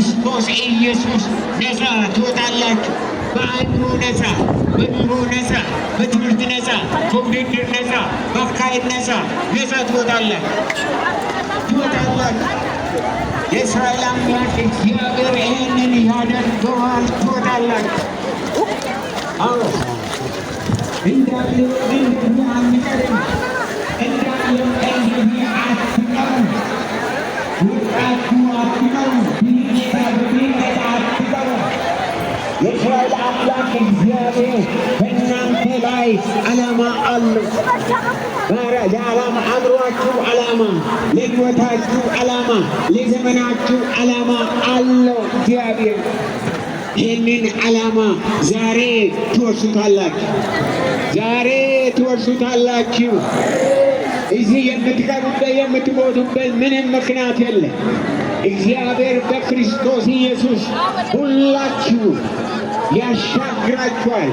ክርስቶስ ኢየሱስ ነፃ ትወጣላችሁ። በአእምሮ ነፃ፣ በኑሮ ነፃ፣ በትምህርት ነፃ፣ በውድድር ነፃ፣ በአካሄድ ነፃ ነፃ ትወጣላችሁ ትወጣላችሁ። የእስራኤል አምላክ እግዚአብሔር ይህንን ያደርገዋል። ትወጣላችሁ አዎ እንዳለ እንዲሁ እንዳለ ከዚህ መጽሐፍ ትጠሩ። የእስራኤል አምላክ እግዚአብሔር በእናንተ ላይ ዓላማ አለው። ለዓላማ አምሯችሁ ዓላማ፣ ለሕይወታችሁ ዓላማ፣ ለዘመናችሁ ዓላማ አለው እግዚአብሔር። ይህንን ዓላማ ዛሬ ትወርሱታላችሁ። ዛሬ ትወርሱታላችሁ። እዚህ የምትቀሩበት የምትሞቱበት ምንም ምክንያት የለም። እግዚአብሔር በክርስቶስ ኢየሱስ ሁላችሁ ያሻግራችኋል።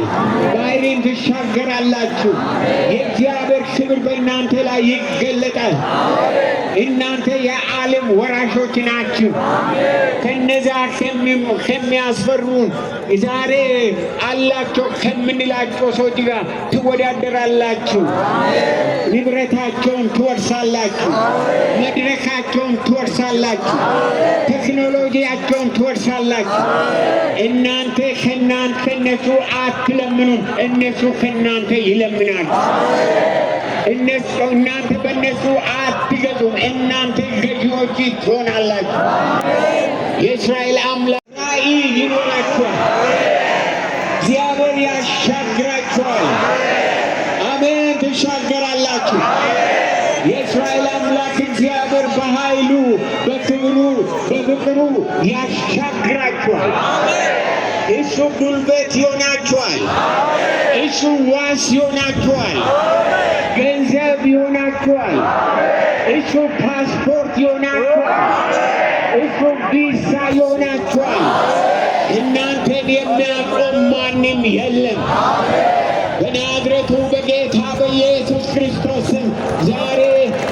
ባህርን ትሻገራላችሁ። የእግዚአብሔር ክብር በእናንተ ላይ ይገለጣል። እናንተ የዓለም ወራሾች ናችሁ። ከነዛ ከሚያስፈሩን ዛሬ አላቸው ከምንላቸው ሰዎች ጋር ትወዳደራላችሁ፣ ንብረታቸውን ትወርሳላችሁ፣ መድረካቸውን ትወርሳላችሁ፣ ቴክኖሎጂያቸውን ትወርሳላችሁ። እናንተ ከእናንተ እነሱ አትለምኑም፣ እነሱ ከእናንተ ይለምናሉ። እናንተ በእነሱ አትገዙም፣ እናንተ ገዢዎች ትሆናላችሁ። የእስራኤል አምላክ ራእይ ይኖራችኋል። እግዚአብሔር ያሻግራችኋል። አሜን፣ ትሻገራላችሁ። የእስራኤል አምላክ እግዚአብሔር በኃይሉ በክብሩ በፍቅሩ ያሻግራችኋል። እሱ ጉልበት ይሆናችኋል። እሱ ዋስ ይሆናችኋል። ገንዘብ ይሆናችኋል። እሱ ፓስፖርት ይሆናችኋል። እሱ ቪዛ ይሆናችኋል። እናንተን የሚያቆም ማንም የለም። በናዝሬቱ በጌታ በኢየሱስ ክርስቶስም ዛሬ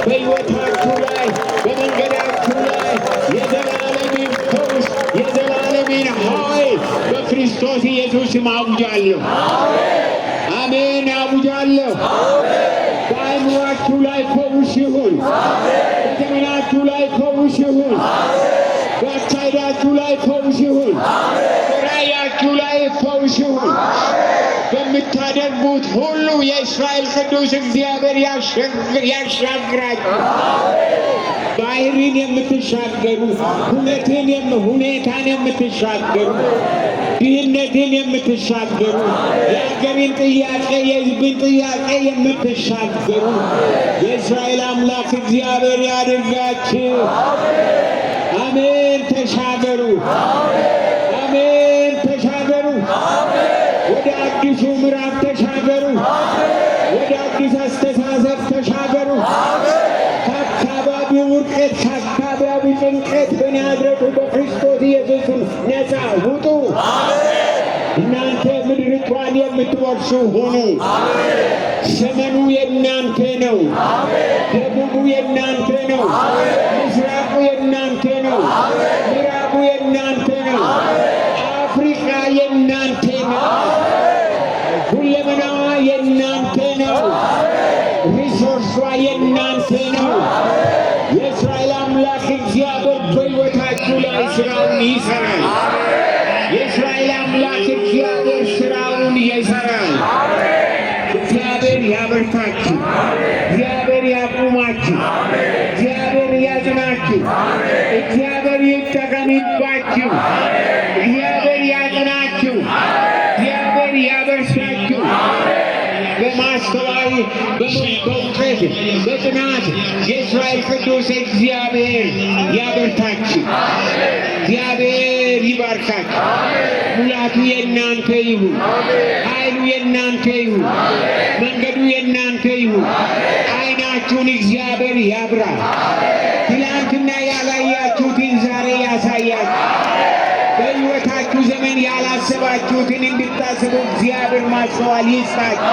በሕይወታችሁ ላይ በመንገዳችሁ ላይ የዘላ በክርስቶስ ኢየሱስ ስም አውጃለሁ። አሜን። አውጃለሁ። በአእምሯችሁ ላይ ፈውስ ይሁን። በዘመናችሁ ላይ ፈውስ ይሁን። በአካሄዳችሁ ላይ ፈውስ ይሁን። በራእያችሁ ላይ ፈውስ ይሁን። በምታደርጉት ሁሉ የእስራኤል ቅዱስ እግዚአብሔር ያሻግራችሁ። ባህሪን የምትሻገሩ ሁነትን ሁኔታን የምትሻገሩ ድህነትን የምትሻገሩ የአገርን ጥያቄ የህዝብን ጥያቄ የምትሻገሩ የእስራኤል አምላክ እግዚአብሔር ያድርጋችሁ። አሜን። ተሻገሩ። አሜን። ተሻገሩ። ወደ አዲሱ ምዕራፍ ተሻገሩ። ወደ አዲስ አስተሳሰብ ተሻገሩ። በእምነት በናዝረቱ በክርስቶስ ኢየሱስም ነፃ ውጡ። እናንተ ምድርቷን የምትወርሱ ሁኑ። ሰሜኑ የእናንተ ነው፣ ደቡቡ የእናንተ ነው፣ ምስራቁ የእናንተ ነው፣ ምዕራቡ የእናንተ ነው፣ አፍሪካ የእናንተ ነው፣ ሁለመናዋ የእናንተ ነው፣ ሪሶርሷ የእናንተ ነው። አምላክ እግዚአብሔር በሕይወታችሁ ላይ ስራውን ይሰራል። የእስራኤል አምላክ እግዚአብሔር ስራውን ይሰራል። እግዚአብሔር ያበርታችሁ፣ እግዚአብሔር ያቁማችሁ፣ እግዚአብሔር ያጽናችሁ፣ እግዚአብሔር ይጠቀምባችሁ፣ እግዚአብሔር ያጽናችሁ፣ እግዚአብሔር ያበርሳ በእውቀት በጽናት የእስራኤል ቅዱስ እግዚአብሔር ያበርታችሁ፣ እግዚአብሔር ይባርካችሁ። ሙላቱ የእናንተ ይሁን፣ ኃይሉ የእናንተ ይሁን፣ መንገዱ የእናንተ ይሁን። አይናችሁን እግዚአብሔር ያብራል። ትላንትና ያላያችሁትን ዛሬ ያሳያችሁ። በሕይወታችሁ ዘመን ያላሰባችሁትን እንድታስቡ እግዚአብሔር ማስተዋል ይስጣችሁ።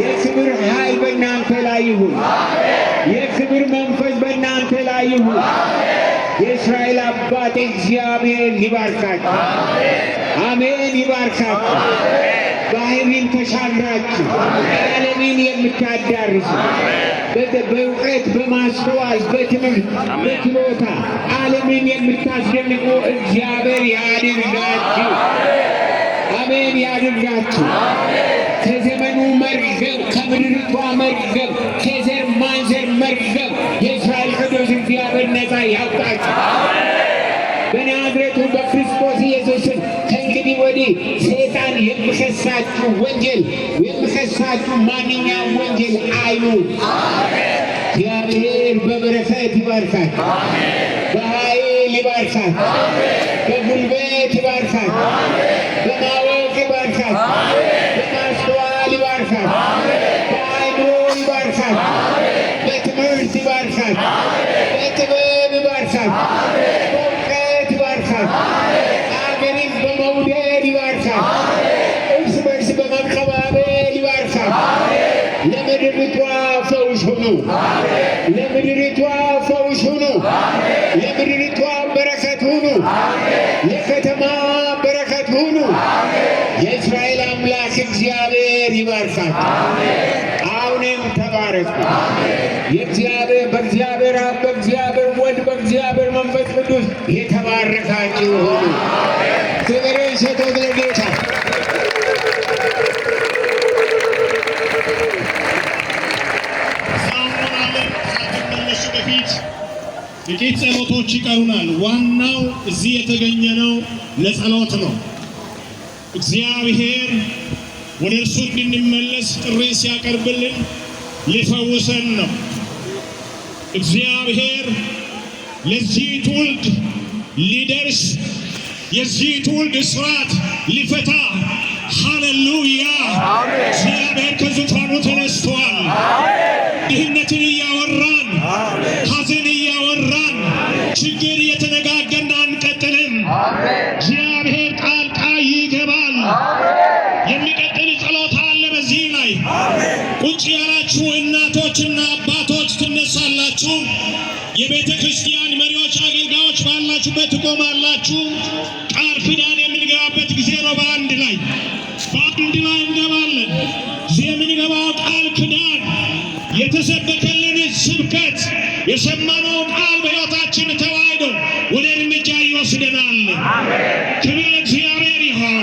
የክብር ኃይል በእናንተ ላይ ይሁን። የክብር መንፈስ በእናንተ ላይ ይሁን። የእስራኤል አባት እግዚአብሔር ይባርካችሁ። አሜን። ይባርካችሁ። ባህሪን ተሻግራችሁ ዓለምን የምታዳርሱ በእውቀት በማስተዋል በትምህርት በችሎታ ዓለምን የምታስደንቁ እግዚአብሔር ያድርጋችሁ። አሜን። ያድርጋችሁ። ከዘመኑ መርገብ ከምድሪቷ መርገብ ከዘር ማንዘር መርገብ የእስራኤል ቅዱስ እግዚአብሔር ነፃ ያውጣችሁ። በናዝሬቱ በክርስቶስ ኢየሱስ ከእንግዲህ ወዲህ ሰይጣን የምከሳችሁ ወንጀል የምከሳችሁ ማንኛውም ወንጀል አይኑ እግዚአብሔር በበረከት ይባርካል፣ በኃይል ይባርካል። ይባርካል። አገርን በመውደድ ይባርካል። እርስ በርስ በመከባበር ይባርካል። ለምድሪቷ ፈውስ ሁኑ። ለምድሪቷ ፈውስ ሁኑ። ለምድሪቷ በረከት ሁኑ። የከተማ በረከት ሁኑ። የእስራኤል አምላክ እግዚአብሔር ይባርካል። አሁንም ተባረኩ። የእግዚአብሔር በእግዚአብሔር አብ በእግዚአብሔር ወልድ በእግዚአብሔር መንፈስ ቅዱስ የተባረካችሁ ሁኑ። ክብርን ስጡት ለጌታ። ጥቂት ጸሎቶች ይቀሩናል። ዋናው እዚህ የተገኘነው ለጸሎት ነው። እግዚአብሔር ወደ እርሱ እንድንመለስ ጥሪ ሲያቀርብልን ሊፈውሰን ነው። እግዚአብሔር ለዚህ ትውልድ ሊደርስ የዚህ ትውልድ ስርዓት ሊፈታ ሃሌሉያ! እግዚአብሔር ከዙፋኑ ተነስተዋል። ድህነትን እያወራን ሐዘን እያወራን ችግር እየተነጋገርን አንቀጥልም። እግዚአብሔር ጣልቃ ይገባል። የሚቀጥል ጸሎት አለ። በዚህ ላይ ቁጭ ያላችሁ እናቶችና አባቶች ትነሳላችሁ። የቤተ ክርስቲያን ባላችሁበት ትቆማላችሁ። ቃል ኪዳን የምንገባበት ጊዜ ነው። በአንድ ላይ በአንድ ላይ እንገባለን። እዚህ የምንገባው ቃል ኪዳን የተሰበከልን ስብከት የሰማነው ቃል በሕይወታችን ተዋህዶ ወደ እርምጃ ይወስደናል። ክብር እግዚአብሔር ይሆን።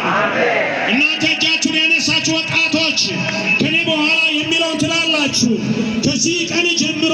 እናንተ እጃችሁን ያነሳችሁ ወጣቶች ከኔ በኋላ የሚለውን ትላላችሁ። ከዚህ ቀን ጀምሮ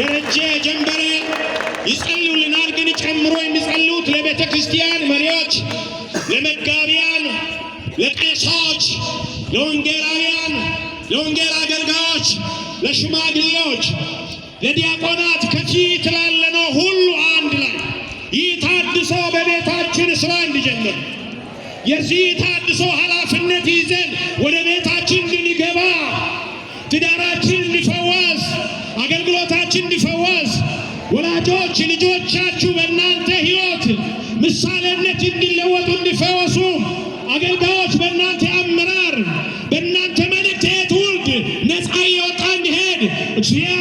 ደረጀ ጀንበረ ይጸልዩልናል። ግን ጨምሮ የሚጸልዩት ለቤተ ክርስቲያን መሪዎች፣ ለመጋቢያን፣ ለቄሶች፣ ለወንጌላውያን፣ ለወንጌል አገልጋዮች፣ ለሽማግሌዎች፣ ለዲያቆናት ከፊት ላለነው ሁሉ አንድ ላይ ይህ ታድሶ በቤታችን ስራ እንዲጀምር የዚህ ታድሶ ኃላፊነት ይዘን ወደ ቤታችን እንድንገባ ትዳራችን እንዲፈ እናቶች ልጆቻችሁ በእናንተ ሕይወት ምሳሌነት እንዲለወጡ እንዲፈወሱ አገልጋዮች በእናንተ አመራር በእናንተ መልእክት ትውልድ ነፃ እየወጣ እንዲሄድ